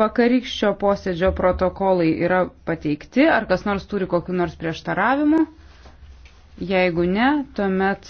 Vakarykščio posėdžio protokolai yra pateikti. Ar kas nors turi kokiu nors prieštaravimu? Jeigu ne, tuomet